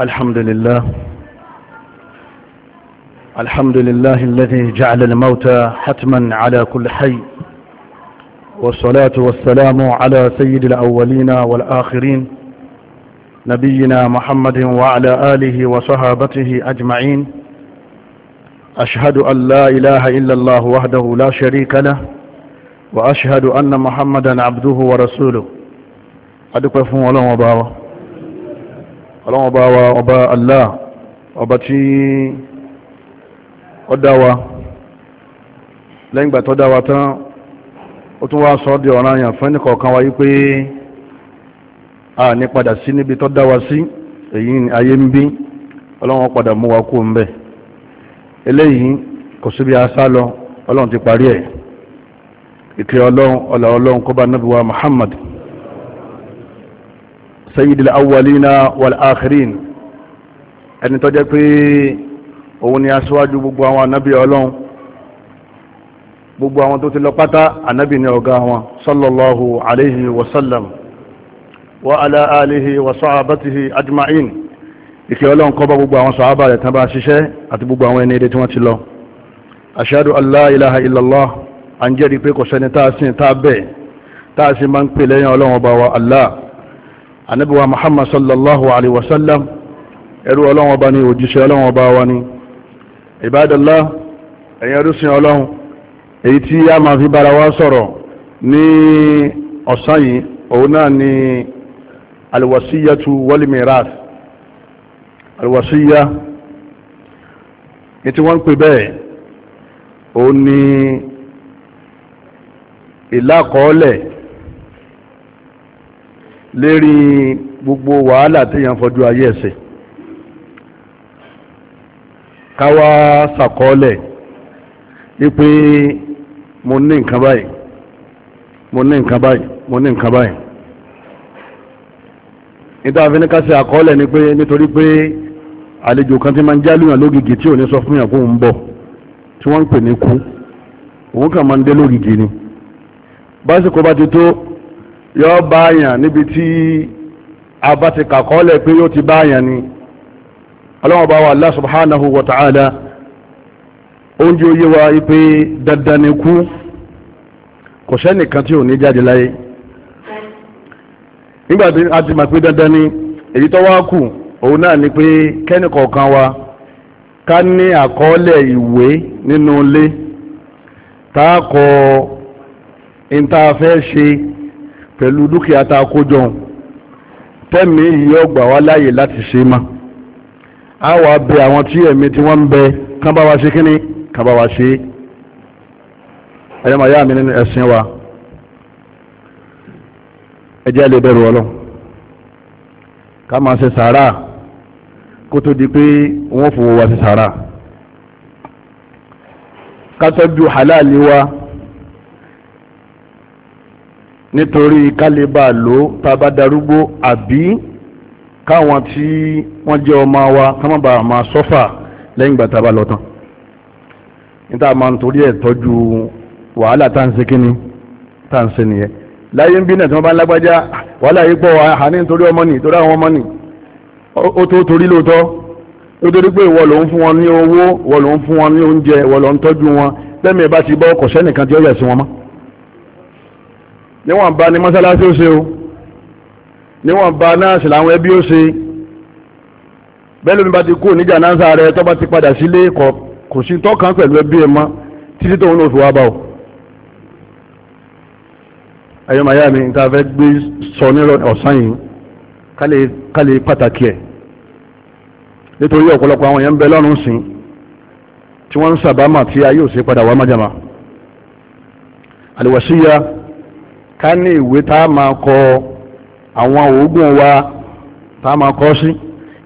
الحمد لله الحمد لله الذي جعل الموت حتما على كل حي والصلاة والسلام على سيد الأولين والآخرين نبينا محمد وعلى آله وصحابته أجمعين أشهد أن لا إله إلا الله وحده لا شريك له وأشهد أن محمدا عبده ورسوله أدقى فهم الله ọlọ́wọ́n bá wa ọba ala ọba tí ó dá wa lẹ́yìn ìgbà tó dá wa tán ó tún wá sọ di ọ̀rán àyàn fún ẹnìkọ̀ọ̀kan wáyé pé a ní padà sí níbi tó dá wa sí èyí ayé ń bí ọlọ́wọ́n padà mú wa kú ń bẹ̀ eléyìí kò síbi Muhammad sayyidil awwalina wal akhirin ẹni tó jẹ́ pé òun ni aṣíwájú gbogbo àwọn ànábì ọlọ́run gbogbo àwọn tó ti lọ pátá ànábì ni ọ̀gá wọn sallallahu alaihi wasallam wa ala alihi wa sahabatihi ajma'in ìkẹ́ ọlọ́run kó bá gbogbo àwọn sàábà rẹ̀ tán bá ṣiṣẹ́ àti gbogbo àwọn ẹni ire tí wọ́n ti lọ ashhadu an ilaha illallah an jẹ́rìí pé kò sẹ́ni táà sí táà bẹ́ẹ̀ táà sí máa ń pè lẹ́yìn ọlọ́run ọba wa allah ànábì wa muhammad sallallahu alaihi wasallam ẹrú ọlọ́run ọba ni òjíṣẹ́ ọlọ́run ọba wa ni ìbádọ́lá ẹ̀yìn ọdúnsìn ọlọ́run èyí tí a máa fi bára wa sọ̀rọ̀ ní ọ̀sán yìí òun náà ni alwasiyatu wal mirath alwasiya ní wọ́n ń pè bẹ́ẹ̀ òun ni ìlàkọọ́lẹ̀ lérí gbogbo wàhálà tí yàn fọjú ayé ẹ̀sẹ̀ káwá sàkọọ́lẹ̀ wípé mo ní nǹkan báyìí mo ní nǹkan báyìí mo ní nǹkan báyìí níta fi ní ká ṣe àkọọ́lẹ̀ ni pé nítorí pé àlejò kan tí máa ń jálùyàn lógìgì tí ò ní sọ fún yàn kó ń bọ̀ tí wọ́n ń pè ní kú òun kàn máa ń dé lógìgì ni básìkò bá ti tó yóò bá àyàn níbi tí a bá ti kàkọ́ọ́lẹ̀ pé yóò ti bá àyàn ni ọlọ́wọ́n bá wà Allah subhanahu wa ta'ala oúnjẹ oyé wa ipé dandan ni kú kò sẹ́nìkan tí ò ní jáde láyé nígbàtí a ti mọ̀ pé dandan èyí tó wá kù òun náà ni pé kẹ́nìkọ̀ọ̀kan wa ká ní àkọọ́lẹ̀ ìwé nínú ilé tá ìntàfẹ́ ṣe pẹ̀lú dúkìá tá a kó jọ tẹ́mi yìí ọgbà wá láàyè láti ṣe má a wà bẹ àwọn tí ẹ̀mí tí wọ́n ń bẹ kán bá wa ṣe kíní kán bá wa ṣe ẹ̀yọ́mọ̀ ayá mi nínú ẹ̀sìn wa ẹjẹ́ lè bẹ̀rù ọlọ́ ká máa ṣe sàárà kó tó di pé wọ́n fòwò wa ṣe sàárà ká tọ́jú halal wa nítorí kálíbà ló tàbá darúgbó àbí káwọn tí wọ́n jẹ́ ọmọ wa kámọ́bà máa sọ́fà lẹ́yìn ìgbà tàbá lọ tán níta máa ń torí ẹ̀ tọ́jú wàhálà tá ń ṣe kíni tá ń ṣe nìyẹn láyé ń bí náà tí wọ́n bá ń lágbájá wàhálà yìí pọ̀ àní nítorí ọmọ nì torí àwọn ọmọ nì ó tó torí lóòótọ́ ó torí pé ìwọ ló ń fún wọn ní owó ìwọ ló ń fún wọn ní oúnjẹ ìwọ ló ń tọ́jú wọn tẹ́mi bá ti bọ́ kọ̀ṣẹ́ nìkan tí ó yẹ̀ sí wọn mọ́ níwọ̀n bá ní mọ́sálásí ó ṣe o níwọ̀n bá náà sì làwọn ẹbí ó ṣe bẹ́ẹ̀ lómi bá ti kú níjà náà sáré tó bá ti padà sílé kò sí tọ́kàn pẹ̀lú ẹbí ẹ mọ́ títí tóun náà fi wá bá o ẹ̀yọ́ màyá mi ta fẹ́ gbé sọ nílọ ọ̀sán yìí ká pàtàkì ẹ̀ nítorí ọ̀pọ̀lọpọ̀ àwọn èèyàn ń bẹ lọ́rùn sìn tí wọ́n ń sàbámà tí ayé ò sí padà wá májàmá àlùwàsíyà ká ní ìwé tá máa kọ àwọn oògùn wa tá a máa kọ sí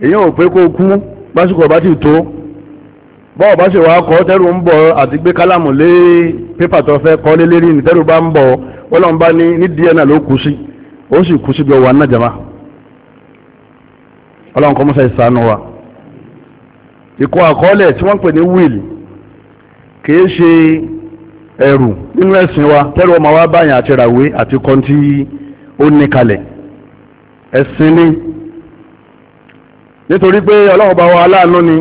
èyí ò pé kó kú básìkò bá ti tó bọ́ọ̀ bá ṣe wàá kọ́ tẹ́rù ń bọ̀ àti gbé kálámù lé pépà tó fẹ́ kọ́ lé lérí ní tẹ́rù bá ń bọ̀ bá ní wa ìkọ́ àkọọ́lẹ̀ tí wọ́n pè ní nínú ẹ̀sìn wa tẹ́rù ọmọ wa báyìí àti ràwé àti kọ́ńtì ó ní kalẹ̀ ẹ̀sìn ni nítorí pé ọlọ́run wa aláàánú ni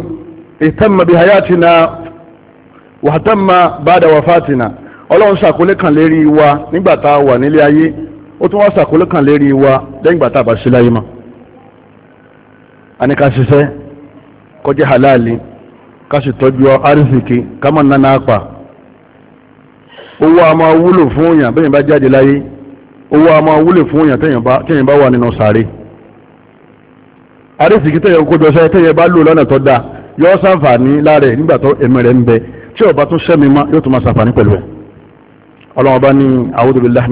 ìtẹ́mọ̀ bí hayatina wàtẹ́mọ̀ bàdà wàfàtìnà ọlọ́run ṣàkólé kan lérí wa nígbà tá a wà nílé ayé ó tún wá ṣàkólé kan lérí wa lẹ́yìn ìgbà tá a bá sí láyé mọ́ kọjá halali ká sì tọ́jú arísìkì ká mọ̀ nánà àpà owó a máa wúlò fún èèyàn bẹ́yìn bá jáde láyé owó a máa wúlò fún èèyàn tẹ́yìn bá wà nínú sàárè àrísìkí tẹ́yìn kójọ sẹ́ tẹ́yìn bá lò lọ́nà tó dáa yóò sàǹfààní lára ẹ̀ nígbà rẹ̀ ń bẹ tí ọba tó sẹ́mi má yóò tún máa sàǹfààní pẹ̀lú ẹ̀ ọlọ́mọba ní a'udhu billahi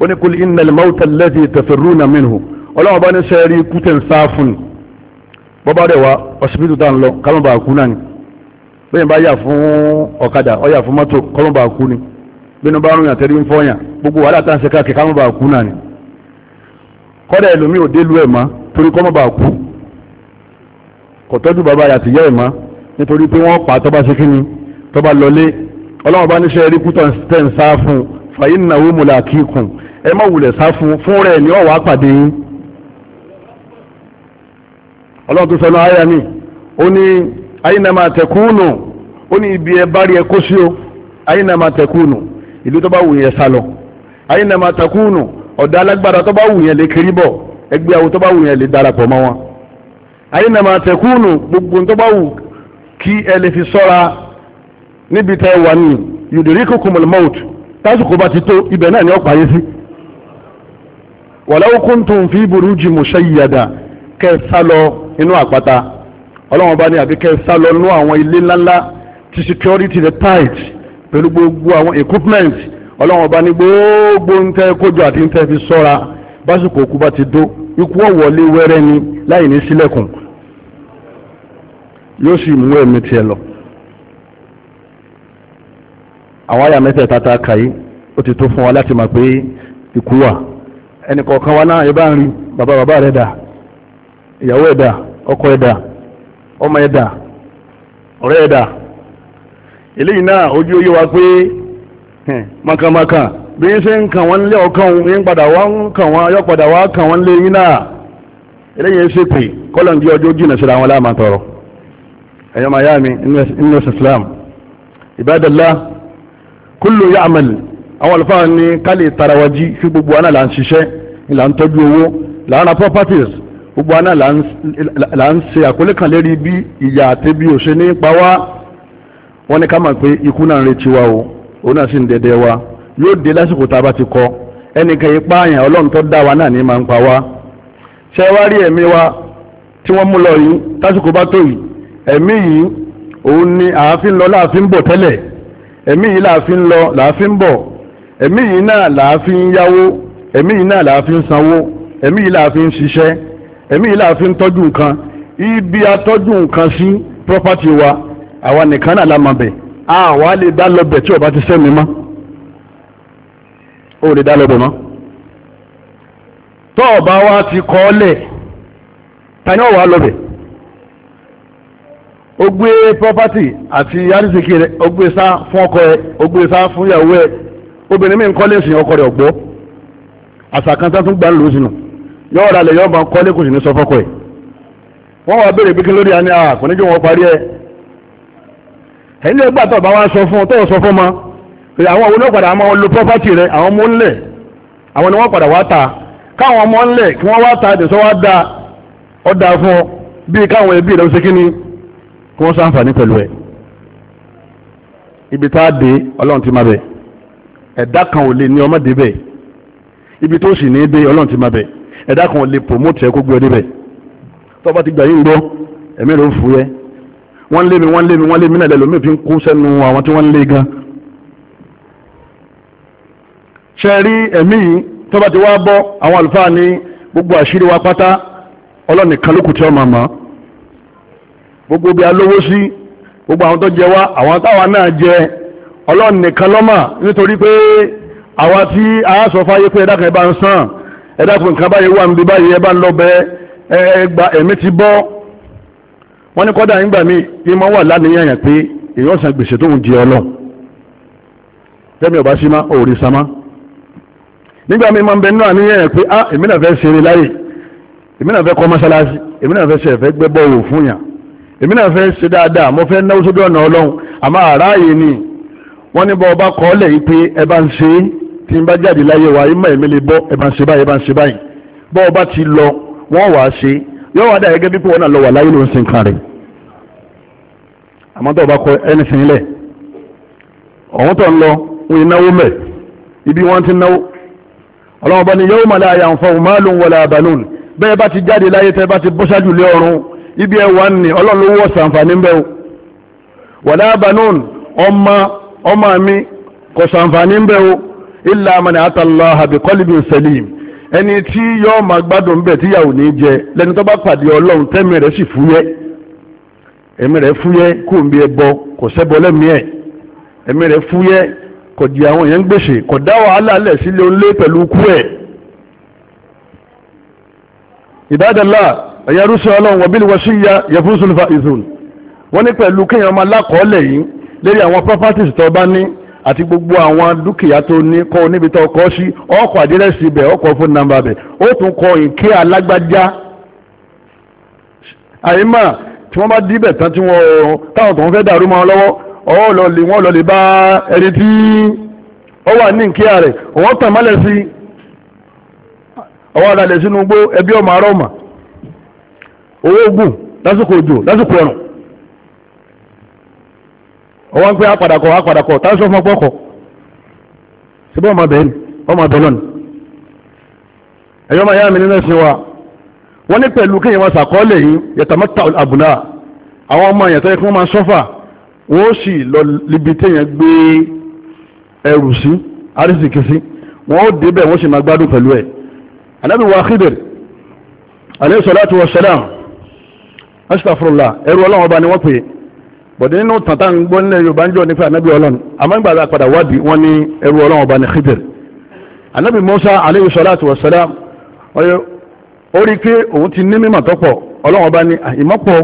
ó ní kul innal mawta allazi tafirruna minhu ọlọ́wọ́n bá ní sẹ́ẹ̀rí ikú tẹ̀ ń sá fún ni bọ́bá rẹ̀ wá ọ̀sibítù tá à ń lọ kálọ̀bà kú náà ni bẹ́ẹ̀ bá yà fún ọ̀kadà ó yà fún mọ́tò kálọ̀bà kú ni bẹ́ẹ̀ bá rún yàn tẹ́rí ń fọ́yàn gbogbo wàhálà tá à ń ṣe káàkiri kálọ̀bà kú náà ni kọ́dà ẹlòmíì ò dé lu ẹ̀ mọ́ torí kọ́mọ̀bà kú kò tọ́jú bàbá rẹ̀ àtìyá ẹ̀ mọ́ nítorí pé wọ́n pa tọ́ba ṣe kíni tọ́ba lọlé ọlọ́wọ́n bá ní sẹ́ẹ̀rí kú tẹ̀ ń fàyín náà wó mọ̀lá kíkùn ẹ má wulẹ̀ sá fún fún rẹ̀ ní ọ̀wá pàdé yín ọlọ́run tó sọnù àyà mi ó ní àyínàmà tẹ̀kúnù ó ní ibi ẹ bá rí ẹ kó sí o àyínàmà tẹ̀kúnù ìlú tó bá wù yẹn sá lọ àyínàmà tẹ̀kúnù ọ̀dà alágbára tó bá wù yẹn lè kiri bọ̀ ẹgbẹ́ àwọn tó bá wù yẹn lè darapọ̀ mọ́ wọn àyínàmà tẹ̀kúnù gbogbo tó bá wù kí ẹ lè fi sọ́ra níbi tẹ́ wà ní yòdìrí kòkòmọ̀lmọ́t tásìkò bá ti tó ibẹ̀ náà ni ọ̀pá yé sí walau kuntum fi buruji mushayyada kẹ́ ẹ sá lọ inú àpáta ọlọ́wọ́n bá ní àbí kẹ́ inú àwọn ilé ńláńlá ti security the tight pẹ̀lú gbogbo àwọn equipment ọlọ́wọ́n bá ní gbogbo ń tẹ́ kójọ àti ń tẹ́ fi sọ́ra básìkò òkú bá ti dó ikú ọ̀wọ́lé wẹ́rẹ́ ni láì ní sílẹ̀kùn yóò sì mú ẹ̀mí tiẹ̀ lọ. àwọn àyà mẹ́tẹ̀ẹ̀ta ta kàyí ó ti tó fún wa láti mọ̀ pé ikú wà ẹnì kọ̀ọ̀kan wa náà yọba ń rí bàbá bàbá rẹ̀ dà ìyàwó ẹ̀ dà ọkọ ẹ̀ dà ọmọ ẹ̀ dà ọ̀rẹ́ ẹ̀ dà eléyìí náà ojú oyé wa pé makamaka bí ń ṣe ń kàn wọ́n lé ọkàn ń padà wá ń kàn wọ́n yọ padà wá kàn wọ́n lé yín náà eléyìí ṣe pé kọ́lọ̀ ń di ọjọ́ jìnnà síra wọn láàmà tọrọ ẹ̀yọ́ màyá mi nínú Islam Ibadallah kullu ya'mal àwọn àlùfáà ní kálí tarawají fi gbogbo wa náà là ń ṣiṣẹ́ là ń tọ́jú owó là properties gbogbo àná là ń ṣe àkọlé kan lérí bí ìyà àti bí òṣè ní pa wá wọ́n ní ká mọ̀ pé ikú náà ń retí wa o òun náà sì ń dẹ̀dẹ̀ wa yóò dé lásìkò tá a bá ti kọ ẹnìkan yìí pààyàn ọlọ́run tó dá wa náà ní máa ń pa wá ṣé wá rí ẹ̀mí wa tí wọ́n mú lọ yìí tásìkò bá tó yìí ẹ̀mí yìí òun ni àáfin lọ láàfin bọ̀ tẹ́lẹ̀ ẹ̀mí yìí láàfin lọ láàfin bọ̀ ẹ̀mí yìí náà láàfin yáwó ẹ̀mí yìí náà la fi sanwó ẹ̀mí yìí la fi ṣiṣẹ́ ẹ̀mí yìí la fi tọ́jú nǹkan ibi atọ́jú nǹkan sí property wa àwa nìkan náà la mọ̀ bẹ̀ àwa lè dá lọ́bẹ̀ tí o bá ti sẹ́mi mọ́ ó lè dá lọ́bẹ̀ mọ́ tọ́ ọba wa ti kọ́ lẹ̀ ta ni ọ wà lọ́bẹ̀ ó gbé property àti yárísìkì rẹ̀ ó gbé sá fún ọkọ ẹ̀ gbé sá fún ìyàwó obìnrin mi ń ọkọ àṣà kan tán tún gbà ń lò ó sínú yọ̀ọ́ ra lẹ̀ yọ̀ọ́ bá ń kọ́lé kò sì ní sọ fọ́kọ ẹ̀ wọ́n wá béèrè bí kí lórí àní àà ah, kò ní jẹ́ wọn parí ẹ̀ ẹ̀yìn ẹgbà tó bá wá sọ fún tó sọ fún ma pé àwọn owó náà padà àwọn lo property rẹ àwọn ọmọ ńlẹ̀ àwọn ni wọ́n padà wá ta káwọn ọmọ ńlẹ̀ kí wọ́n wá ta ẹ̀dẹ̀ sọ wá da ọ̀dà fún bíi káwọn ẹbí rẹ̀ ń ṣe kí ni kí wọ́n ṣàǹfààní pẹ̀lú ẹ̀ ibi tá a dé ọlọ́run ti má bẹ̀ ẹ̀dá kan ò lè ní ọmọdé bẹ́ẹ̀ ibi tó sì ní dé ọlọ́run ti máa bẹ̀ ẹ̀dá kan lè promote ẹ kó gbé ọ débẹ̀ tó bá ti gbà yín gbọ́ ẹ̀mí ló ń fu yẹ wọ́n lé mi wọ́n lé mi wọ́n lé mi náà lẹ́lọ́mí fi ń kú sẹ́nu àwọn tí wọ́n lé gan ṣe ẹ̀mí yìí tó ti wá bọ́ àwọn àlùfáà ní gbogbo àṣírí wa pátá ọlọ́ọ̀nì kan ló kù tí ọ máa mọ̀ gbogbo bí alówó sí gbogbo àwọn tó jẹ wá àwọn táwa náà jẹ ọlọ́ọ̀nì kan lọ́mà nítorí pé àwa tí a sọ fáyé pé ẹ̀dá kan ẹ̀ bá ń sàn ẹ̀dá kan nǹkan báyìí wà níbi báyìí ẹ̀ bá ń lọ bẹ ẹ̀ gba ẹ̀mí ti bọ́ wọ́n ní kọ́dà nígbà míì kí wọ́n wà lánìyàn yàn pé èèyàn san gbèsè tó ń di ọlọ́ tẹ́mi ọ̀bá sí máa òòrì samá nígbà míì máa ń bẹ nínú àníyàn yàn pé ah èmi náà fẹ́ ṣeré láyè èmi náà fẹ́ kọ́ mọ́ṣáláṣí èmi náà fẹ́ ṣe ẹ̀fẹ́ gbẹ́ bọ́ọ̀wò fún yàn wọ́n ní bọ́ ọba kọ́ lẹ̀ yìí pé ẹ bá ń ṣe é tí n bá jáde láyé wa ẹ má ẹ̀mí lè bọ́ ẹ bá ń ṣe báyìí ẹ bá ń ṣe báyìí bọ́ ọ bá ti lọ wọ́n wàá ṣe yọ wàá dà gẹ́gẹ́ bí pé wọ́n náà lọ wà láyé ló ń sin kan rẹ̀ àmọ́ tó o bá kọ ẹni sìn lẹ̀ ọ̀hún tó ń lọ ń yìí náwó mẹ́ ibi wọ́n ti náwó ọlọ́wọ́n bá ní yọ́wọ́ màlá àyànfọ́ màálùn wọlé àbàlùn bẹ́ẹ̀ bá ti jáde láyé tẹ́ bá ti bọ́ ṣáájú lé ọ̀run ibi ẹ̀ wà ní ọlọ́run ló wọ́ sàǹfààní ń bẹ́ o wọlé àbàlùn ọmọ ọmọ mi kò sàǹfààní ń bẹ́ o illa man atallaha bi qalbin salim ẹni tí yóò máa gbádùn ń bẹ̀ tíyàwó ní jẹ lẹni tó bá pàdé ọlọ́run tẹ́mi rẹ̀ sì fúyẹ́ ẹ̀mí rẹ̀ fúyẹ́ kò ń bí ẹ bọ kò sẹ́bọ lẹ́mí ẹ̀ ẹ̀mí rẹ̀ fúyẹ́ kò di àwọn èèyàn gbèsè kò dá wàhálà lẹ̀ sílé ńlé pẹ̀lú kú ẹ̀. ìbádàlá ẹ̀yà rúṣẹ́ ọlọ́run ni wọ́n sì ya yẹfun sulfa izun wọ́n ní pẹ̀lú kéèyàn máa lákọ̀ọ́lẹ̀ yìí lérí àwọn properties tó bá ní àti gbogbo àwọn dúkìá tó ní kọ́ níbi tó kọ́ sí ọkọ̀ àdírẹ́sì bẹ̀ ọkọ̀ fún nàmbà bẹ̀ ó tún kọ ìké alágbájá àyímà tí wọ́n bá díbẹ̀ tán tí wọ́n táwọn tó ń fẹ́ dàrú máa lọ́wọ́ ọwọ́ lọ lè wọ́n lọ lè bá ẹni tí ó wà ní ìké rẹ̀ wọ́n tàn mọ́lẹ̀ sí ọwọ́ àdàlẹ̀ sínú gbó ẹbí ọmọ arọ́mà owó gùn lásìkò òjò lásìkò ọ̀rùn ọwọ́ ń pẹ́ apàdàkọ̀ apàdàkọ̀ táwọn sọ fún ọgbọ́kọ̀ síbẹ̀ ọmọ bẹ̀rẹ̀ ọmọ bẹ̀rẹ̀ lọ́nà ẹ̀yọ́ máa yá mi nínú ẹ̀sìn wa wọ́n ní pẹ̀lú kí ìwọ̀n sàkọọ́lẹ̀ yìí yẹ̀tàmọ́ta àbùlà àwọn ọmọ ìyẹ̀tọ́ ikú máa sọ́fà wọ́n sì lọ libi téèyàn gbé ẹrù sí àrísìkì sí wọ́n ó débẹ̀ wọ́n sì máa gbádùn pẹ̀lú ẹ̀ anábì wa Khidir alayhi salatu wa salam astaghfirullah ẹrù ọlọ́run ọba ni wọ́n pè é bọ̀dé nínú tàntà ń gbọ́ nílẹ̀ yorùbá ń jọ nípa ànábì ọlọ́run àmọ́ ìgbà àgbà padà wádìí wọ́n ní ẹrú ọlọ́run ọba ní Khidir ànábì Musa aleyhi salatu wa salam ó rí pé òun ti ní mímọ̀ tọ́pọ̀ ọlọ́run ọba ní ìmọ̀pọ̀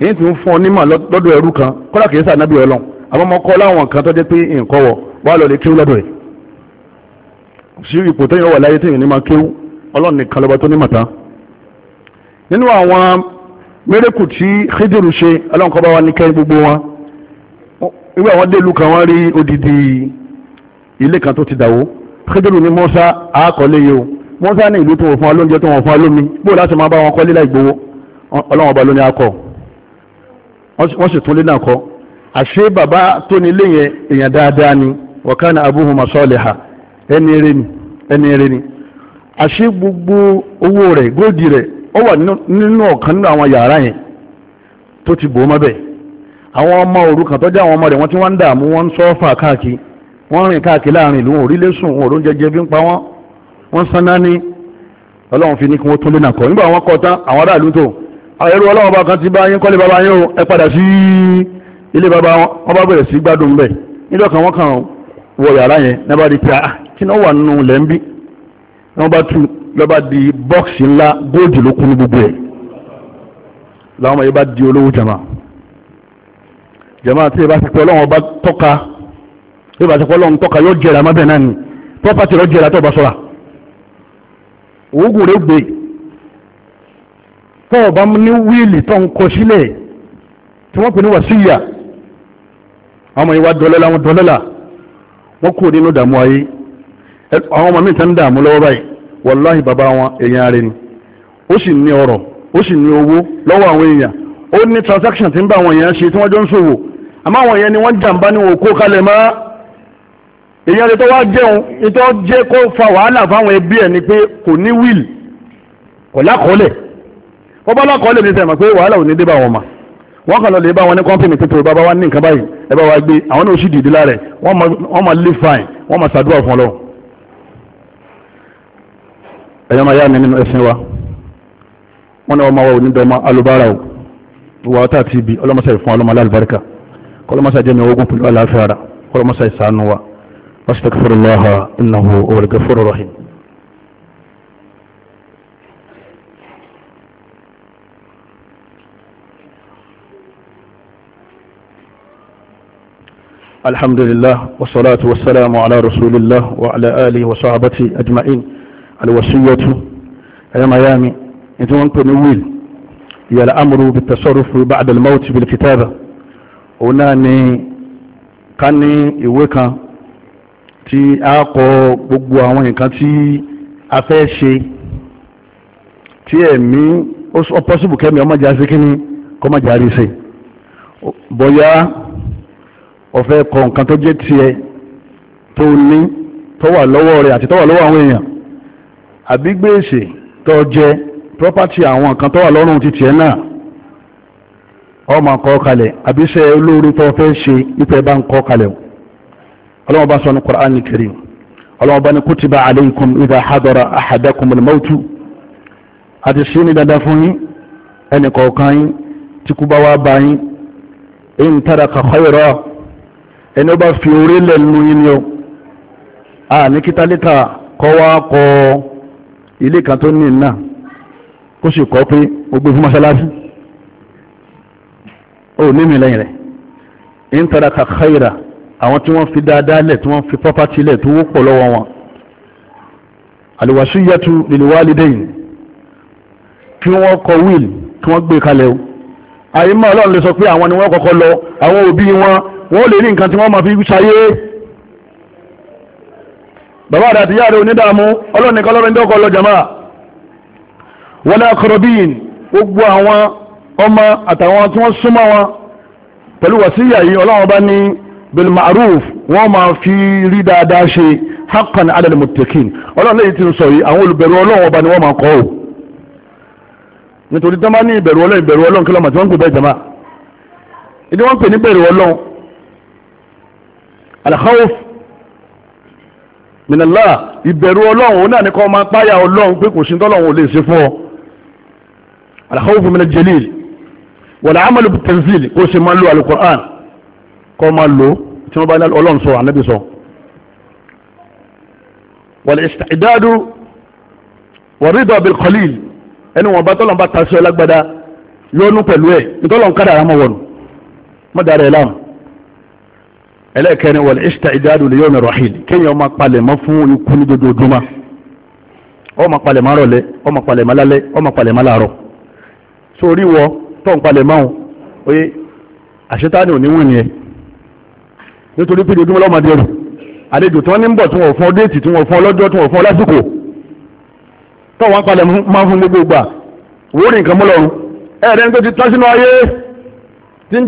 èyí tí ń fún ọ nímọ̀ lọ́dọ̀ ẹrú kan kọ́lá kìí sá ànábì ọlọ́run àmọ́ mọ́ kọ́ láwọn kan tó pé nǹkan wọ̀ wá lọ lè kéwú lọ́dọ̀ rẹ̀ sí ipò tẹ́yìn wà láyé tẹ́yìn ní mẹ́rẹ́kù tí Khidiru ṣe ọlọ́nkọ́ bá wa ní kẹ́yìn gbogbo wọn nígbà àwọn délùú kan wọ́n rí odidi ilé kan tó ti dàwó Khidiru ní Mọ́sá àákọ́lé yìí o Mọ́sá ní ìlú tó wọ̀ fún wa lóúnjẹ tó wọ̀ fún wa lómi bóò láti máa bá wọn kọ́lé láì gbowó ọlọ́wọ́n ba lóní akọ wọ́n sì tún lé náà kọ́ àṣé bàbá tó ní ilé yẹn èèyàn dáadáa ni wa kana abuhuma saliha ẹni eré ni ẹni eré ni àṣé gbogbo owó rẹ̀ góòdì rẹ̀ ó wà nínú ọ̀kan nínú àwọn yàrá yẹn tó ti bò mọ́bẹ̀ àwọn ọmọ òrukàn tọ́jú àwọn ọmọ rẹ̀ wọ́n ti wá ń dààmú wọ́n ń sọ́fà káàkiri wọ́n rìn káàkiri láàrin ìlú wọn orílẹ̀ sùn wọn òróúnjẹ jẹ bí ń pa wọ́n wọ́n sanná ní ọlọ́run fi ní kí wọ́n tún lé nà kọ́ nígbà wọn kọ́ tán àwọn aráàlú tó ẹrú ọlọ́run bá kan ti bá yín kọ́lé bàbá yín o ẹ padà sí ilé bàbá wọn wọ́n bá bẹ̀rẹ̀ sí gbádùn bẹ̀ nígbà kan wọ́n kàn wọ yàrá yẹn náà bá di ah, wà nínú lẹ́ńbí náà bá tú lọ́ba di bọ́ọ̀sì ńlá góòjì ló kún ní gbogbo ẹ̀ làwọn ọmọ yìí bá di olówó jama jama tí ìbá ti pẹ́ ọlọ́run ọba tọ́ka ìbá ti pẹ́ ọlọ́run tọ́ka yóò jẹrà má bẹ́ẹ̀ náà ni pọ́pátì lọ jẹrà tó bá sọ́ra òógùn rẹ̀ gbé tó ọba ní wíìlì tó ń kọ sílẹ̀ tí wọ́n pè ní wàsíyà àwọn ọmọ yìí wá dọ́lọ́lá wọn dọ́lọ́lá wọ́n kúrò nínú dààmú ayé àwọn ọmọ mi tán dààmú lọ́wọ́ báyìí wàláhì bàbá wọn èèyàn rẹ̀ ni ó sì ní ọrọ̀ ó sì ní owó lọ́wọ́ àwọn èèyàn ó ní transaction tí ń bá àwọn èèyàn ṣe tí wọ́n jọ ń ṣòwò àmọ́ àwọn èèyàn ni wọ́n jàǹbá ní òkó kalẹ̀ mọ́ èèyàn rẹ̀ tó wá jẹun ìtọ́ jẹ́ kó fa wàhálà fáwọn ẹbí ẹ̀ ni pé kò ní wíìl kò lákọọ́lẹ̀ wọ́n bá lákọọ́lẹ̀ ní sẹ́yìn pé wàhálà ò ní dé bá wọn mà wọ́n kàn lọ lè bá wọn ní kọ́mpìnì pípé bàbá wa ní nǹkan báyìí ẹ bá wa gbé àwọn náà ó sì dìde lára ẹ̀ máa live fine wọ́n máa ṣàdúrà fún Ọlọ́run ẹ̀yọ́ máa yá mi nínú ẹ̀sìn wa wọ́n ní ọmọ wa ò ní dọ́mọ alubára o wà á tààtì ibi ọlọ́mọṣẹ́ ìfún ọlọ́mọ alábàríkà kọlọ́mọṣẹ́ jẹ́ mi ogún pẹ̀lú aláfẹ́ ara kọlọ́mọṣẹ́ ìsànú wa astaghfirullah innahu huwal ghafurur alwasiyatu ẹ̀yọ́ miami ní tí wọ́n ń pè ní will hiya al-amru bit-tasarruf ba'da al-mawt bil-kitaba òun náà ni ká ní ìwé kan tí a kọ gbogbo àwọn nǹkan tí a fẹ́ ṣe tí ẹ̀mí ó pọ́sibù kẹ́mi ọmọdé àti kíní kọ́mọdé àríṣe bóyá ọ̀fẹ́ kọ tó jẹ́ tiẹ̀ tó ní tó wà lọ́wọ́ rẹ̀ àti tó wà lọ́wọ́ àwọn èèyàn àbí gbèsè tó jẹ property àwọn nǹkan tó wà lọ́rùn ti tiẹ̀ náà ọmọ kọ́ kalẹ̀ àbí olóoru tó fẹ́ ṣe nípa ẹ bá ń kọ́ kalẹ̀ ọlọ́wọ́n bá sọ ní Qur'an al-Karim ọlọ́wọ́n bá ní kutiba alaykum idha hadara ahadakumul mawtu àti sí ní dandan fún yín ẹnì kọ̀ọ̀kan yín tí kú bá wá bá yín in fi orí a kọ́ ilé kan tó ní iná kó sì kọ́ pé ó gbé fún mọ́ṣáláṣí ó ní mi lẹ́yìn rẹ̀ ń tara kàkàìrà àwọn tí wọ́n fi dáadáa lẹ̀ tí wọ́n fi pọ́pátì lẹ̀ tó wọ́pọ̀ lọ́wọ́ wọn àlùwàsíyàtú lìlúwálídẹ́yìn kí wọ́n kọ wíìlì kí wọ́n gbé kalẹ̀ o àyè máa ọlọ́run lè sọ pé àwọn ni wọ́n kọ́kọ́ lọ àwọn òbí wọn wọ́n lè ní nǹkan tí wọ́n máa fi ṣayé bàbá àdá àti yára onídàámú ọlọ́run nìkan lọ́rọ̀ ndọ́kọ̀ lọ jama wala akrabin gbogbo àwọn ọmọ àtàwọn tí wọ́n súnmọ́ wọn pẹ̀lú wàsíyà yìí ọlọ́run bá ní bil ma'ruf wọ́n máa fi rí dáadáa ṣe haqqan ala al-muttaqin ọlọ́run lẹ́yìn sọ yìí àwọn olùbẹ̀rù ọlọ́run ọba ni wọ́n máa kọ́ ò nítorí tán ní ìbẹ̀rù ọlọ́run ìbẹ̀rù ọlọ́run kí minalá ìbẹ̀rù ọlọ́run òun náà ní kọ́ máa páyà ọlọ́run pé kò sí tọ́lọ́run ò lè ṣe fún ọ alkhawfu min aljalil wal amalu bitanzil kó ṣe máa lo alukur'an kọ́ máa lo tí wọ́n bá ní ọlọ́run sọ ànábì sọ wal istidadu wal rida bil qalil ẹni wọn bá tọ́lọ́n bá tasí ọlágbádá yọnu pẹ̀lú ẹ̀ nítọ́lọ́n kádàrá mọ̀ wọ̀nù mọ́ dára ẹlẹ́ẹ̀kẹrin wọ̀lẹ̀ ìṣtà ìdádù lè yọ́mẹ̀ rahil kéèyàn ọmọ palẹ̀ mọ́ fún ikú ní dojoojúmọ́ ọmọ palẹ̀ mọ́ rọ̀lẹ́ ọmọ ma mọ́ lálẹ́ ọmọ palẹ̀ mọ́ láàárọ̀ la wọ tó ń palẹ̀ mọ́ oye àṣetáni òní wọ̀n yẹn nítorí pé dojoojúmọ́ lọ́mọdé rù àlejò tí wọ́n ní ń bọ̀ tí wọ́n fún ọ déètì tí wọ́n fún ọ lọ́jọ́ tí wọ́n fún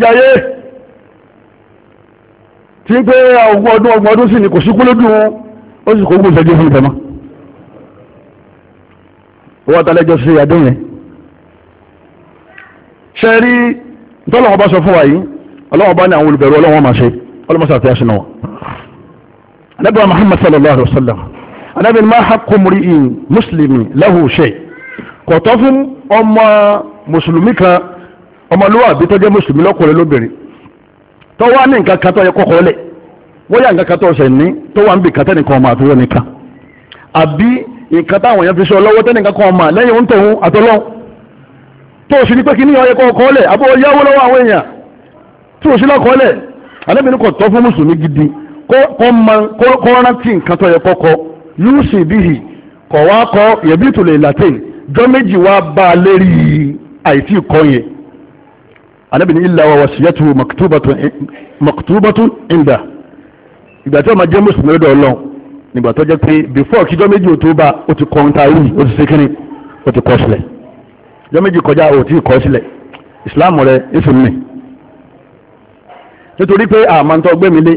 ọ lásìkò tí pé ọgbọ́n ọdún ọgbọ́n ọdún sí ni kò sí kú lójú wọn ó sì kó gùn sẹ́jọ́ fún ìfẹ́ mọ́ owó àtàlẹ́jọ́ sí àdéhùn yẹn ṣe rí tọ́lọ́wọ́ bá sọ fún wa yìí ọlọ́wọ́ bá ní àwọn olùbẹ̀rù ọlọ́wọ́ máa ṣe ọlọ́mọṣà tí Muhammad sallallahu sallam anábì ma haqqu muslimi lahu shay kò tọ́ fún ọmọ mùsùlùmí kan ọmọlúwàbí tó tó wá ní nǹkan kan tó yẹ kọ́kọ́ lẹ̀ wọ́yà nǹkan tọwaa tó ṣẹ̀ ní tó wà ń bì kátẹ́ nìkan ọmọ àtúwọ́ nìkan àbí nǹkan fi sọ lọ́wọ́ tẹ́nìkan kan ọmọ lẹ́yìn oúnjẹ òun àtọ́lọ́ tó o sì ní pé kí ní ọyẹ kọ́kọ́ lẹ̀ yáwó lọ́wọ́ àwọn èèyàn o sì lọ́kọ́ lẹ̀ alẹ́bìnrin kò tọ́ fún mùsùlùmí gidi nǹkan tó yẹ kọ́kọ́ anábì ní illa wa wasiyatu maktubatun inda ìgbà tí ọmọ jẹ́ mùsùlùmí lọ́dọ̀ ọlọ́run nígbà tó jẹ́ pé before kíjọ́ méjì ò tó bá ó ti kọrin tààrí ó ti ṣe kíni ó ti kọ́ sílẹ̀ ìjọ́ méjì kọjá ò tí ì kọ́ sílẹ̀ ìsìláàmù rẹ̀ ìfún mi nítorí pé àmàntọ́ gbẹ́mílé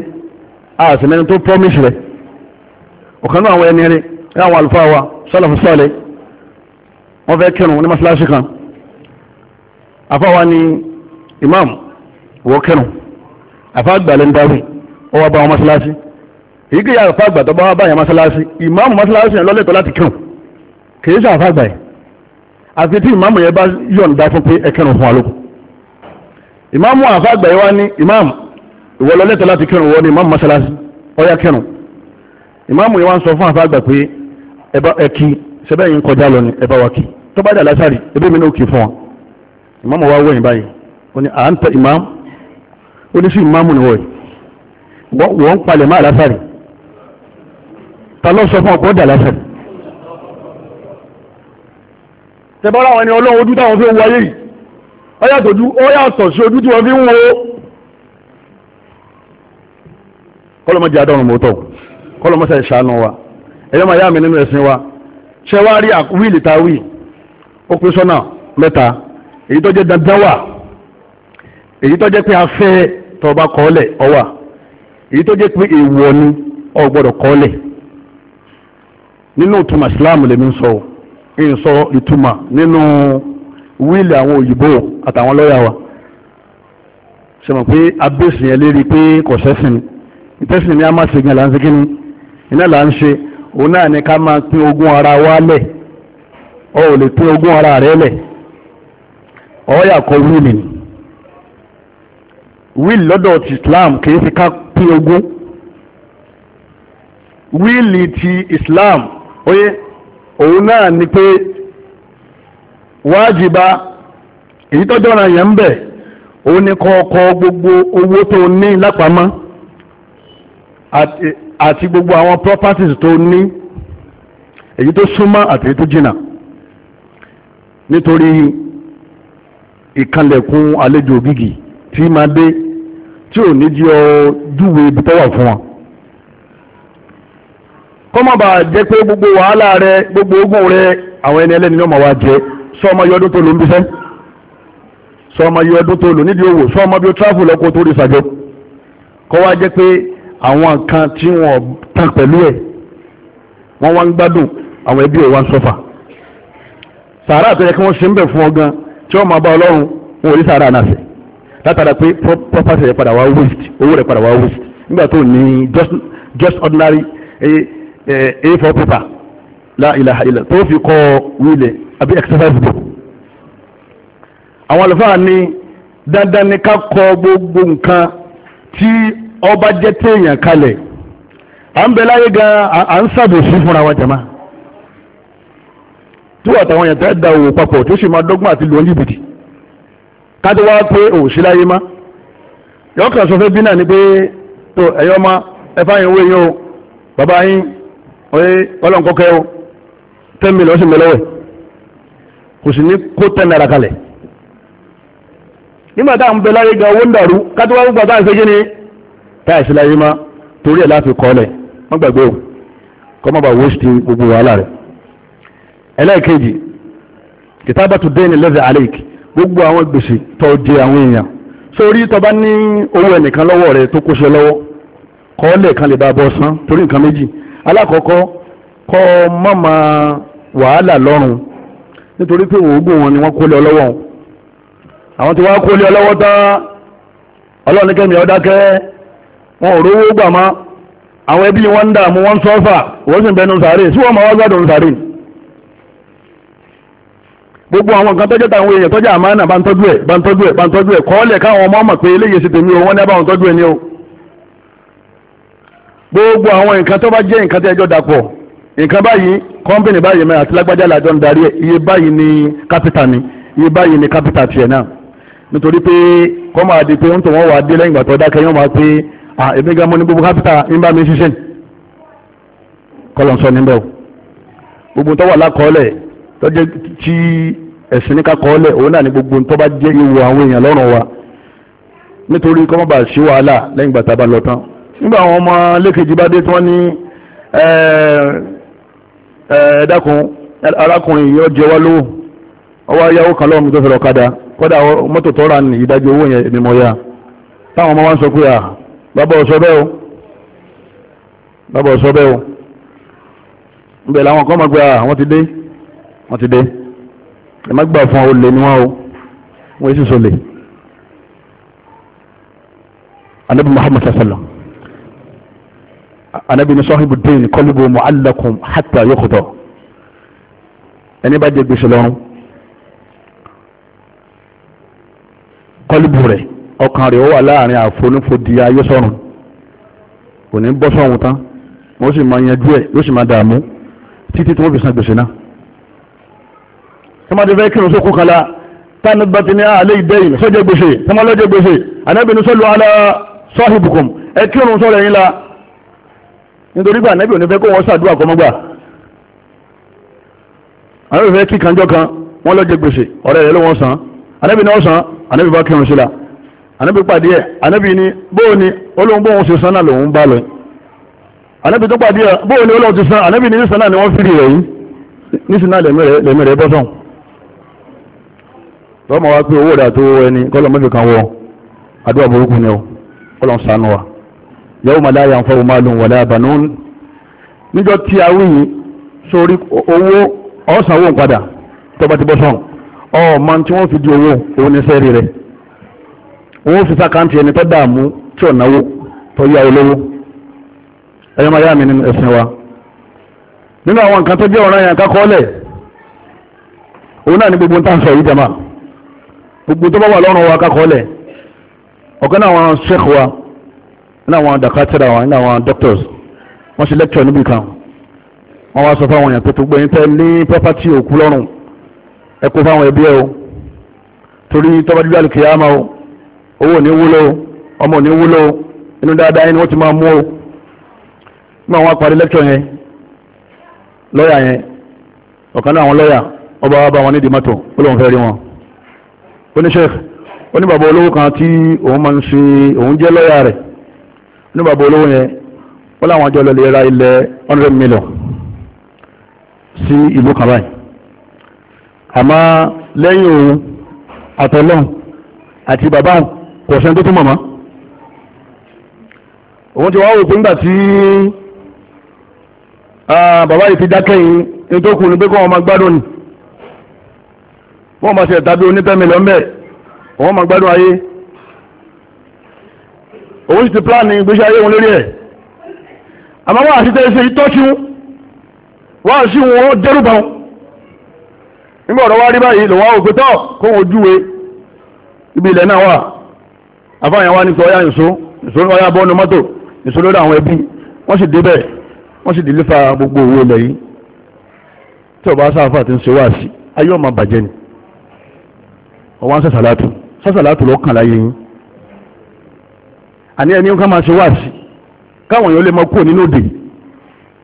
àṣìmẹ́ni tó promise rẹ̀ ọ̀kan náà àwọn ẹni rẹ̀ láwọn àlùfáà wa sọ́lọ̀fù sọ́ọ̀lẹ̀ wọ́n fẹ́ kírun ní mọ́sálásí kan àfáwa ni imam wọ́n kẹrùn àfáàgbà lẹ́nu dáhùn ó wá bá wọn mọ́ṣáláṣí èyí kìí àfáàgbà tó bá wá báyàn mọ́ṣáláṣí imam mọ́ṣáláṣí yẹn lọ́lẹ́tọ̀ láti kẹrùn kìí sọ àfáàgbà yẹn àfi tí imam yẹn bá yọ̀ǹda fún pé ẹ kẹrùn fún alókù imam àfáàgbà yẹn wá ní imam ìwọ lọ́lẹ́tọ̀ láti kẹrùn wọ́n ní imam mọ́ṣáláṣí ó yá kẹrùn imam yẹn wá ń sọ fún àfáàgbà pé ẹ kí sẹ́bẹ̀ kọjá lọ ni ẹ bá wa kí tó bá dà lásàrì ebí mi ní òkè fún wọn imam wa wẹ̀yìn báyìí ó ní à ń tọ ìmáàmù ó ní sí ìmáàmù ni wọ́n wọ́n ń palẹ̀ máa lásàrì ta ló sọ fún ọkọ̀ dà lásàrì tẹbọ́lá wọn ni ọlọ́run ojú táwọn fi ń wáyé yìí ó yàtọ̀ sí ojú tí wọ́n fi ń wo kọlọmọdé adọ́run mọ́tọ̀ kọlọmọsẹ̀ ìṣàánú wa ẹ̀yọ́ máa yá mi nínú ẹ̀sìn wa ṣẹ́wárí wíìlì ta wíì ó pín sọ́nà mẹ́ta èyí tó jẹ́ dandan wà èyí tó jẹ́ pé afẹ́ tọba kọ́ọ̀lẹ̀ ọwà èyí tó jẹ́ pé èèwọ̀ ni ọgbọ́dọ̀ kọ́ọ̀lẹ̀ nínú ìtumọ̀ islam lèmi ń sọ ń sọ ìtumọ̀ nínú wíìlì àwọn òyìnbó àtàwọn lọ́yà wa ṣe mọ̀ pé abéṣì yẹn lérí pé kò sẹ́sìn ni ìtẹ́sìn ni a máa ṣe gan là ń ṣe kíni iná là ń ṣe òun náà ni ká máa pín ogún ara wa lẹ̀ ọ ò lè pín ogún ara rẹ lẹ̀ ọ yà kọ wíìlì ni wíìlì lọ́dọ̀ ti islam kìí fi ká pín ogún wíìlì ti islam oye òun náà ni pé wájìbá èyí tọ́jọ́ ra yẹn ń bẹ̀ òun ni kọ́ọ̀kọ́ gbogbo owó tó ní lápamọ́ àti gbogbo àwọn properties tó ní èyí tó súnmọ́ àti èyí tó jìnnà nítorí ìkànlẹ̀kùn àlejò gígì tí máa dé tí ò ní di ọ júwe ibi tọ́wà fún wọn kọ́mọ̀bà jẹ́ pé gbogbo wàhálà rẹ gbogbo ogun rẹ àwọn ẹni ẹlẹ́ni náà máa wá jẹ sọ ọmọ yọ ọdún tó lò ń bíṣẹ́ sọ ọmọ yọ ọdún tó lò nídìí owó sọ ọmọ bí ó tráfù lọ́kọ́ tó rí sàjọ kọ́ wá jẹ́ pé àwọn nǹkan tí wọ́n tàn pẹ̀lú ẹ̀ wọ́n wá ń gbádùn àwọn ẹbí ẹ̀ wá ń sọ́fà sàárà tó yẹ kí wọ́n ṣe ń bẹ̀ fún ọ gan tí wọ́n máa bá ọlọ́run wọn ò rí sàárà náà sẹ́ẹ̀ látara pé property rẹ̀ padà wá waste owó rẹ̀ padà wá waste nígbà tó ní just ordinary eh, eh, a4 paper la ilaha ila tó fi kọ wílẹ̀ àbí exercise book àwọn àlùfáà ní dandan ni ká kọ gbogbo nǹkan tí ọba jẹ́ téèyàn kalẹ̀ à ń bẹ láyé gan à ń sàbòsí fúnra wa jama da òwò papọ̀ tó sì máa dọ́gbọ́n àti káti wá pé òsì láyé má yọkàn sọ fẹ́ bí náà ni pé tó ẹ̀yọ́ ma ẹ fáyín owó yín o bàbá yín oye ọlọ́nkọ́kẹ́ o ten million sì mẹ́lọ́wẹ̀ kò sì ní kó ten naira kalẹ̀ nígbà táà ń bẹ láyé gan owó ń dàrú gbogbo àtàwọn ni táà láyé má torí ẹ̀ láti wọ́n gbàgbé o gbogbo àwọn gbèsè tó jẹ àwọn èèyàn sórí tọba ní owó ẹnìkan lọ́wọ́ rẹ̀ tó kóṣe lọ́wọ́ kọ́ lẹ́ẹ̀kan lè bá bọ́ san torí nǹkan méjì alákọ̀ọ́kọ́ kọ mọ́mọ́ wàhálà lọ́rùn nítorí pé òògùn wọn ni wọ́n kó lé àwọn tí kó lé wọn ò rówó gbà má àwọn ẹbí gbogbo àwọn nǹkan tọ́jú táwọn èèyàn tọ́jú àmánà bá ń tọ́jú ẹ̀ bá ń tọ́jú ẹ̀ bá ń tọ́jú ẹ̀ kọ́ọ́lẹ̀ káwọn ọmọ mọ̀ pé eléyìí ṣe tèmi o wọ́n ní abáwọn tọ́jú ẹ̀ ni o gbogbo àwọn nǹkan tó bá jẹ́ nǹkan tí ẹjọ́ dàpọ̀ nǹkan báyìí kọ́ńpìnì báyìí mẹ́rin àti lágbájá làjọ ń darí ẹ̀ iye báyìí ni kápítà ni iye báyìí ni kápítà tiẹ̀ náà nítorí pé kọ́ máa di pé ń tọ̀ wọ́n wà á dé lẹ́yìn ìgbà tó dákẹ́ yóò máa pé èmi gan mo ní gbogbo kápítà ń bá mi ṣiṣẹ́ kọ́lọ̀ ń sọ níbẹ̀ o gbogbo tó wà lákọọ́lẹ̀ tọ́jẹ́ tí ẹ̀sìn ní kakọ́ọ́lẹ̀ òun náà ní gbogbo tó bá jẹ́ ìwò àwọn èèyàn lọ́rùn wa nítorí kọ́ mọ́bà sí wàhálà lẹ́yìn gbàtà bá lọ tán nígbà àwọn ọmọ lẹ́kẹ̀jì bá dé tí wọ́n ní arákùnrin wá lówó ọwọ́ ayáwó kan lọ́wọ́ mi tó kọ́dà mọ́tò tó ra ní ìdájọ́ owó yẹn ni mo yá táwọn sọ pé bàbá ọ̀sọ́ bẹ́ẹ̀ o bàbá ọ̀sọ́ bẹ́ẹ̀ o ń bẹ̀ wọ́n ti dé ẹ má gbà fún olè ni wọ́n o wọ́n sì sọlẹ̀ anabi muhammad sallam anabi ni sọ́hìbù dín kọ́lùbù mu'allakun hatta yókùtọ̀ ẹni bá jẹ gbèsè lọ́rùn kọ́lùbù rẹ̀ ọkàn rẹ̀ ó wà láàrin àfonífòdì ayé sọ́run kò ní bọ́ sọ́run tán wọ́n sì máa yanjú ẹ̀ yóò sì máa dààmú títí tí wọ́n fi san gbèsè náà tọ́mọdé fẹ́ kírun sókú kala tani bàtí ní àlẹ́ ah, ìdẹ́yìn sọ́jẹ́ gbèsè tọ́mọlọ́jẹ́ gbèsè ànábì ní sọ́lù alá sọ́hìbùkùn ẹ kírun sọ́rọ̀ yín la nítorí pé ànábì ò ní fẹ́ kó wọ́n sàdúrà kọ́mọ́gbà ànábì fẹ́ kí kanjọ́ kan wọ́n lọ́jẹ́ gbèsè ọ̀rẹ́ rẹ̀ ló wọ́n san ànábì ní ọ̀sán ànábì bá kírun sí la ànábì pàdé ẹ̀ ànábì ní bóò ni olóhun bóun ṣe san náà lòun bá lọ ànábì tó pàdé ẹ̀ bóò ni olóhun ti san ànábì ní sísan náà ni wọ́n fìdí rẹ̀ lọ́mọ wá pé owó rẹ̀ àti owó ẹni kọ́lọ̀ mọ́fì kan wọ àdúrà burúkú ni ó kọ́lọ̀ ń sànú wa yawma la yanfa'u malun wala banun níjọ́ tí a wí yìí sórí owó ọ̀sánwó padà tọ́ba ti bọ́ tí wọ́n fi di owó òun ní rẹ̀ fi sàkáǹtì ẹni dààmú tí ò náwó yá olówó gbogbo tó bá wà lọ́rùn wa kakọ́lẹ̀ ọ̀kan náà wọn sheikh wa náà wọn dakatira wa náà wọn doctors wọ́n ṣe lecture níbi kan wọ́n wá sọ fáwọn èèyàn pé tó gbẹ̀yìn tẹ́ ní property òkú lọ́rùn ẹ kó fáwọn ẹbí ẹ o torí tọ́ba dídá lè kéèyàn o owó ò ní wúlò o ọmọ ò ní wúlò o inú dáadáa yẹn ni wọ́n ti máa mú o nígbà wọn parí lecture yẹn lọ́ọ̀yà yẹn ọ̀kan náà àwọn lọ́ọ̀yà ọba wa bá wọn ní dìmọ́tò ó lóun fẹ́ rí wọn oníṣẹ́ oníbàbá olówó kan tí òun máa ń ṣe òun jẹ́ lọ́yà rẹ̀ oníbàbá olówó yẹn wọ́n láwọn àjọ lọ́lẹ̀ ra ilẹ̀ 100 million sí ìlú kan báyìí àmọ́ lẹ́yìn òun àtọ́lọ́hùn àti bàbá kò tó tún mọ̀mọ́ òun ti wá wò pé tí ah, bàbá yìí ti dákẹ́yìn ní ní pé kọ́ wọn gbádùn ni wọ́n máa ṣe tàbí onítẹ́mìlẹ̀ ọmọ ẹ̀ wọ́n máa gbádùn ayé òun ti pláàni ìgbésí ayé wọn lórí ẹ̀ àmọ́ wọ́n àti tẹ́ẹ̀ṣe ìtọ́sí wọ́n àti wọn ó dẹ́rùbà wọn nígbà ọ̀rọ̀ wá rí báyìí lọ́wọ́ òkè tọ́ kó wọn ojúwe ibi ilẹ̀ náà wà àfáàyàn wá ní sọ ọyá ìṣó ìṣó ọyá bọ́ọ̀nù mọ́tò ìṣó lórí àwọn ẹbí wọ́n sì débẹ̀ wọ́n sì dìlífà gbogbo owó ilẹ̀ tí ọba sáfà ti ń ṣe wá sí ayé ọmọ bàjẹ́ ni ọwọ́ ń sàṣàlátù sàṣàlátù ló kàn láyé yín àní ẹni ká máa ṣe wáàsí káwọn èèyàn lè máa kúrò nínú òde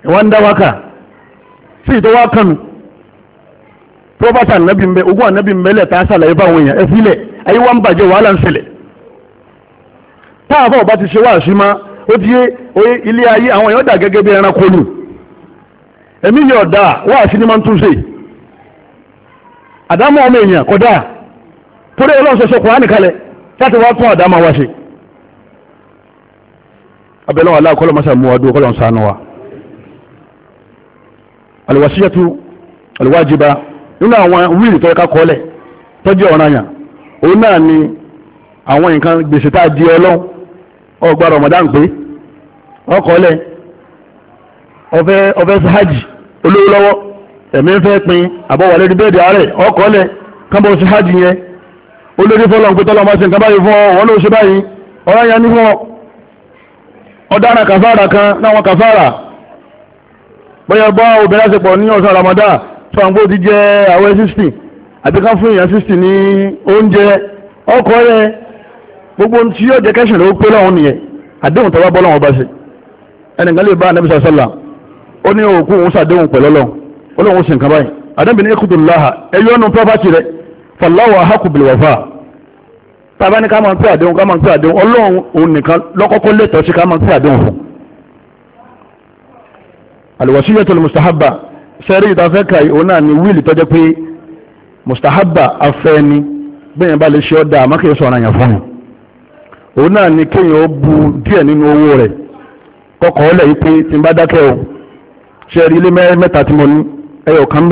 ìwà ń dá wákà sí ìtọ́wá kànú tó bá ta ànábì mbẹ ogún ànábì mbẹ lẹ̀ tá a ṣàlàyé báwọn èèyàn ẹ sílẹ̀ ayé wa ń bàjẹ́ wàhálà ń ṣẹlẹ̀ táàbà ọba ti ṣe wáàsí má ó ti yé ilé ayé àwọn èèyàn dà gẹ́gẹ́ bí ẹranko nù ẹ̀mí yóò dáa wáàsí ni máa ń túnṣe àdámọ́ ọmọ èèyàn kò dáa torí ọlọ́run ṣoṣo kùránì kalẹ̀ láti wá tún àdámà wá ṣe abẹ́lẹ́wọ̀n aláàkọ́lọ́ mọ́sà mú ọdún ọkọ́lọ́ sánú wa alwajiba nínú àwọn wíìlì tó ẹka kọ́lẹ̀ tọ́jú ọ̀ràn yàn òun náà ni àwọn nǹkan gbèsè tá a di ọlọ́run ọgbà ramadan pé ọkọ̀ọ́lẹ̀ ọfẹ́ sahaji olówó lọ́wọ́ ẹ̀mí fẹ́ pin àbọ̀wọlé rí ààrẹ ọkọ̀ọ́lẹ̀ kábọ̀ sahaji olórí fọ́lọ́n pé tọ́lọ́mọ́ sí nǹkan báyìí fún wọn ló ṣe báyìí ọ̀rọ̀ yẹn ní fún ọ̀daràn kàfàrà kan láwọn kàfàrà bóyá bá obìnrin àṣepọ̀ ní ọ̀sán ramada fàǹgbó ti jẹ àwẹ̀ 60 àti ká fún èèyàn 60 ní oúnjẹ ọkọ̀ rẹ gbogbo tí yóò jẹ kẹsàn ló pé lọ́wọ́ nìyẹn àdéhùn tó bá bọ́ lọ́wọ́ bá ṣe ẹnìkan lè bá anabi sàṣàlà ó ní òkú òun ṣàdéhùn pẹ̀lọ́lọ́ ó lóun sì nǹkan báyìí àdébìnrin ekutu láhà ẹ̀yọ́nù pọ́pátì rẹ̀ fọláwọ̀ ahakùbìlìwọ̀fà tàbá ní ká máa pé àdéhùn ká máa pé àdéhùn ọlọ́run òun nìkan lọ́kọ́kọ́ lẹ́tọ̀ọ́ sí ká máa pé àdéhùn fún alwasiyatul mustahaba sẹ́rí òun náà ni wíìlì tọ́jẹ́ pé mustahaba afẹ́ni gbẹ̀yìn bá lè ṣe ọ́ dáa sọ̀rọ̀ àyàn fún òun náà ni kéèyàn ó bu díẹ̀ nínú owó rẹ̀ kọkọ̀ ọ yìí pé tí n bá dákẹ́ o sẹ́rí ilé mẹ́ta tí mo ní kan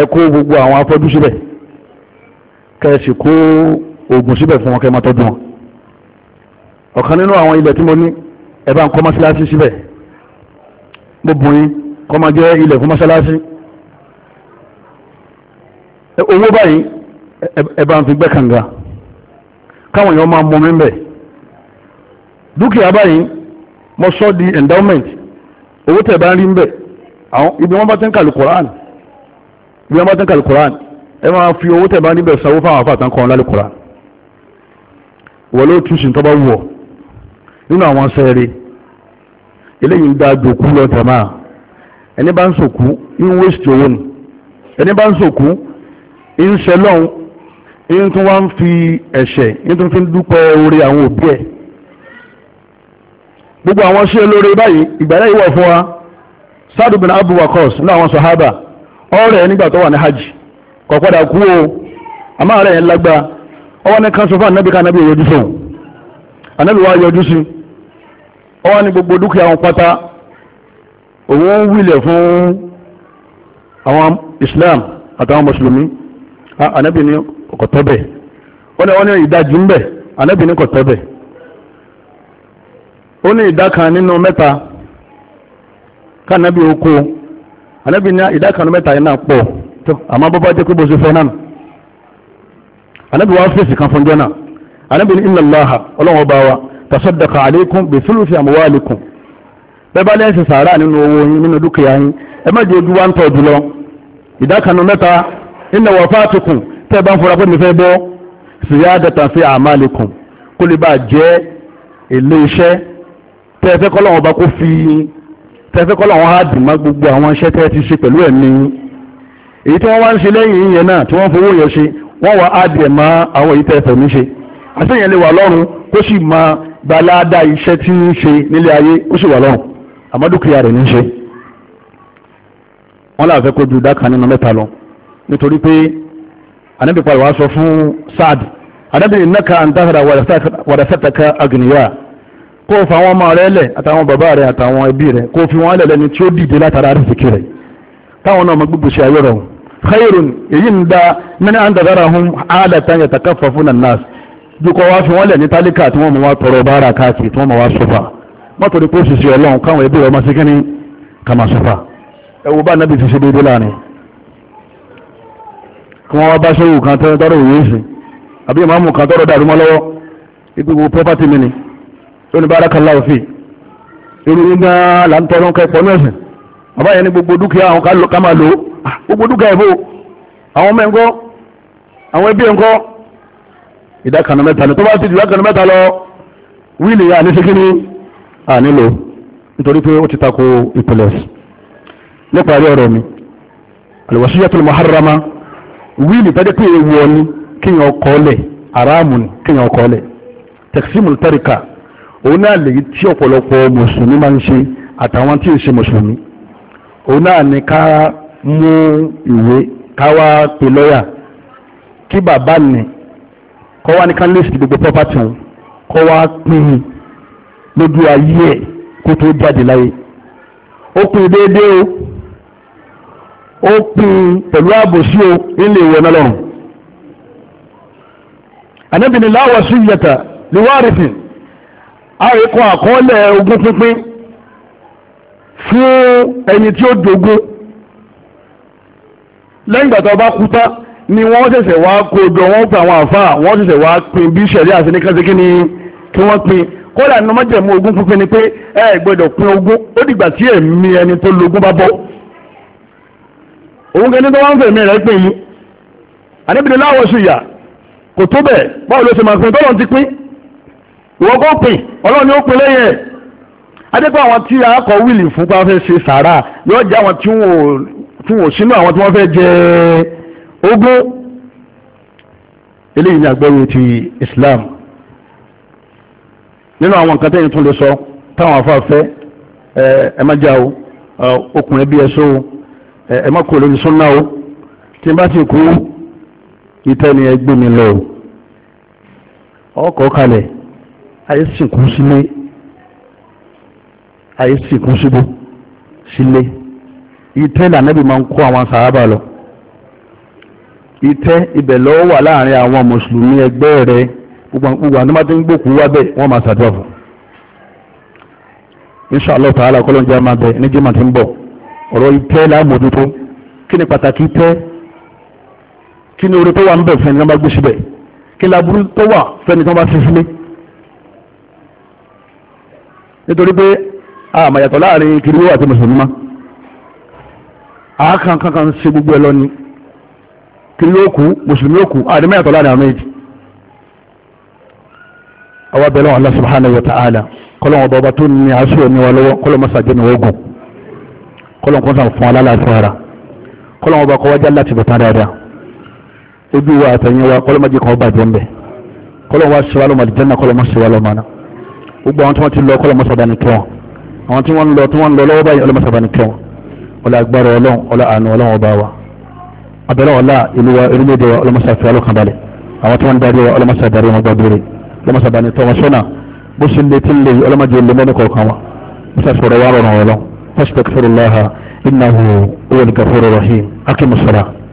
ẹ kó gbogbo àwọn afọ́jú síbẹ̀ kẹ́ẹ̀sì kó oògùn síbẹ̀ fún wọn kẹ́ẹ̀ máa tọ́jú wọn ọ̀kan nínú àwọn ilẹ̀ tí mo ní ẹ bá ń kọ́ mọ́ṣáláṣí síbẹ̀ mo bùn yín kọ́ máa jẹ́ ilẹ̀ fún mọ́ṣáláṣí owó báyìí ẹ ń fi gbẹ́ kànga káwọn èèyàn máa mọ mi ń bẹ̀ dúkìá báyìí mo sọ di endowment owó tẹ̀ bá ń rí ń bẹ̀ ibi wọ́n bá ti ń kàlù Kùránì bí wọ́n bá tán kàlùkùrán ẹ máa fi owó tẹ̀ bá níbẹ̀ sanwó fáwọn afáàtàn kan lálùkùrán wọ́n ló túnṣin tó bá wọ̀ nínú àwọn sẹ́ẹ̀rẹ́ eléyìí ń da dòkú lọ tẹ̀má ẹni bá ń sòkú ń wéṣì owó ni ẹni bá ń sòkú ń ṣẹlọ́hún ń tún wá ń fi ẹ̀ṣẹ̀ ń tún fi ń orí àwọn òbí ẹ̀ gbogbo àwọn ṣe lóore báyìí ìgbàlẹ́ ìwọ̀ fún wa Sa'd bin Abu Waqqas ní àwọn sàhábà ọ̀rẹ́ ẹ̀ nígbà tó wà ní hajj kò kú o àmọ́ ọ̀rẹ́ yẹn lágbá ọwọ́ ní kan sọ anábì ká anábì yọjú sóun anábì wa yọjú sí ọwọ́ ní gbogbo dúkìá wọn pátá òun ń wílẹ̀ fún àwọn Islam àtàwọn mùsùlùmí anábì ní kọ̀tọ́bẹ̀ wọ́n ní wọ́n ní ìdajì ń bẹ̀ anábì ní kọ̀tọ́bẹ̀ ó ní ìdá kan nínú mẹ́ta oko ànábì ní ìdákanu mẹ́ta iná pọ̀ tó àmọ́ bọ́bá jẹ́ pé bó ṣe fẹ́ náà ànábì wá fèsì kan fún jọ́nà ànábì ní inna Allaha ọlọ́wọ́n bá wa tasaddaqa alaykum bi thuluthi amwalikum bẹ́ẹ̀ bá lẹ́sẹ̀ sàárà nínú owó yín nínú dúkìá yín ẹ má jẹ́ ojú wa ń tọ̀ jùlọ ìdákanu mẹ́ta inna wafatukum tẹ́ bá ń fura pé mi fẹ́ bọ́ ziyadatan fi tẹ́fẹ́ làwọn á gbogbo àwọn iṣẹ́ tẹ́ ti ṣe pẹ̀lú ẹ̀mí èyí tí wọ́n wá ń ṣe lẹ́yìn ìyẹn náà tí wọ́n fowó yẹn ṣe wọ́n wá á ma àwọn èyí tẹ́ fẹ̀mí ṣe àṣeyàn lè wà lọ́run kó sì máa gbalada iṣẹ́ tí ń ṣe nílé ayé ó sì wà lọ́run àmọ́ rẹ̀ ní ṣe wọ́n láàfẹ́ kó ju dákan nínú mẹ́ta lọ nítorí pé anábìpalẹ̀ wá sọ fún Saad kó o fa àwọn ọmọ rẹ lẹ̀ àtàwọn bàbá rẹ àtàwọn ẹbí rẹ kó o fi wọn lẹ̀ lẹ́ni tí ó dìde látara rìsìkì rẹ̀ táwọn náà mọ gbogbo ṣe ayé rọrùn khayrun èyí ń da mẹ́ni à ń dàgbára hun àádàtà yẹn tàkà fà fún nàás dukọ̀ wá fi wọn lẹ̀ ní tálíkà tí wọ́n mọ̀ wá tọrọ bára káàkiri tí wọ́n mọ̀ wá sọ́fà mọ́tò ní kóòsì sí káwọn ẹbí rẹ̀ ọmọ sí kíní ká máa ẹwù bá nàbì ti ṣe déédé láàrin kí wọ́n wá bá ṣéwù kan tọ́rọ ìwé ìsìn àbí ni lónìí barakallahu fi irú iná là ń tọrọ nǹkan ẹ̀pọ̀ náà sìn bàbá yẹn ní gbogbo dúkìá àwọn ká máa lò ó gbogbo dúkìá ìbò àwọn ọmọ ẹ̀ńkọ́ àwọn ẹbí ẹ̀ńkọ́ ìdákanà mẹ́ta ni tó bá ti di ìdákanà mẹ́ta lọ wíìlì yà ní sikini à nílò nítorí pé ó ti tako ìpìlẹ̀ nípa ẹ̀rí ọ̀rọ̀ mi alwasiyatul muharrama wíìlì tọ́jọ́ pé ewu ọ ní kíyàn ọkọ̀ ọ̀lẹ̀ òun náà lèyí tí ọ̀pọ̀lọpọ̀ mùsùlùmí máa ń ṣe àtàwọn tí ì ṣe mùsùlùmí òun náà ni ká mú ìwé ká wá pe lọ́yà kí bàbá ní kọ́ wá ní ká lè sí gbogbo pọ́pátì òun kọ́ wá pín in lójú ayé ẹ̀ kó tó jáde láyé ó pín déédéé o ó pín pẹ̀lú àbòsí o ilé ìwé náà lọ́rùn anábìnrin láwọ̀ sí yẹta lè wá rìfin àríkọ àkọọ́lẹ̀ ogún pínpín fún ẹni tí ó dógún lẹ́yìn ìgbà tó bá kú tán ni wọ́n ṣẹ̀ṣẹ̀ wá kó jọ wọ́n pa àwọn àfáà wọ́n ṣẹ̀ṣẹ̀ wá pín bí ṣẹ̀rí àti ní kẹ́sí kí ni kí wọ́n pín kódà ní ọmọdéjẹ̀mú ogún pínpín ni pé ẹ gbọ́dọ̀ pín ogún ó dìgbà tí ẹ̀mí ẹni tó lógún bá bọ́ òun kẹ́ni tó wá ń fẹ̀mí rẹ̀ pín yìí àníbìdí láwọ̀ ṣùyà kò tó bẹ̀ báwo ló ṣe máa pín tọ́lọ́ ti pín wọ́n kó pè ọlọ́run ni ó pè lẹ́yìn ẹ̀ adépa àwọn tí akọ wíìlì fún pa fẹ́ ṣe sàárà yóò jẹ́ àwọn tí wọ́n sínú àwọn tí wọ́n fẹ́ jẹ ogún eléyìí ni àgbẹ̀rù ti Islam nínú àwọn nǹkan tẹ́yìn tún lè sọ táwọn afáfẹ́ ẹ má já o ọkùnrin bí ẹsọ o ẹ má kó lórí súnná o tí n bá ti kú ìtẹ́ni ẹgbẹ́ mi lọ ọkọ̀ kalẹ̀ ayé sìnkú sílé ayé sìnkú síbò sílé ìtẹ́ ìlànàbì máa ń kó àwọn sàábà lọ ìtẹ́ ibẹ̀ lọ́wọ́ wà láàrin àwọn mùsùlùmí ẹgbẹ́ rẹ̀ gbogbo àwọn tó ń gbòkú wá bẹ̀ wọ́n máa ṣàdúrà fún inṣàlọ́ tààlà kọ́lọ́njẹ́ máa bẹ̀ ní jimá ti ń bọ̀ ọ̀rọ̀ ìtẹ́ láàmójútó kí ni pàtàkì ìtẹ́ kí ni orí tó wà ń bẹ̀ fẹ́ni tó bá gbé síbẹ̀ kí ni aburú tó wà fẹ́ni tó bá fi sílé nítorí pé àmàyàtọ̀ láàrin kìrìwò àti mùsùlùmí má àákan kankan ṣe gbogbo ẹ lọ ni kìrìwò kú mùsùlùmí ó kú àdìmẹ́yàtọ̀ láàrin àwọn méjì àwọn abẹ́lẹ́ wọn Allah subhanahu wa ta'ala kọ́lọ́wọ́n bọ́ba tó ní aṣọ ẹ̀mí wa lọ́wọ́ kọ́lọ́wọ́n sàjẹ́ ní ogun kọ́lọ́wọ́n kọ́sàn fún alálàáfíà ara kọ́lọ́wọ́n bá kọ́wájá láti bẹ̀tán dáadáa ojú wa àtẹ̀yìn wa kọ́lọ́wọ́n jẹ́ gbogbo àwọn tí wọ́n ti lọ kọ́ lọ́mọ́sàbá ni tiwọn àwọn tí wọ́n ń lọ tí wọ́n ń lọ lọ́wọ́ báyìí ọlọ́mọ́sàbá ni tiwọn ọlọ́ agbára ọlọ́run ọlọ́ àánú ọlọ́run ọba wa abẹ́rẹ́ ọ̀la ìlú wa erémẹ́dẹ́ wa ọlọ́mọ́sà fi alọ́kàn balẹ̀ àwọn tí wọ́n ń darí wa ọlọ́mọ́sà darí wọn gbàgbére ọlọ́mọ́sàbá ni tiwọn sọ́nà bó ṣe lè ti lè ọlọ́mọdé lè mẹ́nu kọ̀ọ̀kan wa musa sọ̀rọ̀ wa rọrùn ọlọ́run fásitì láha innahu huwa al-ghafur rahim akimusala.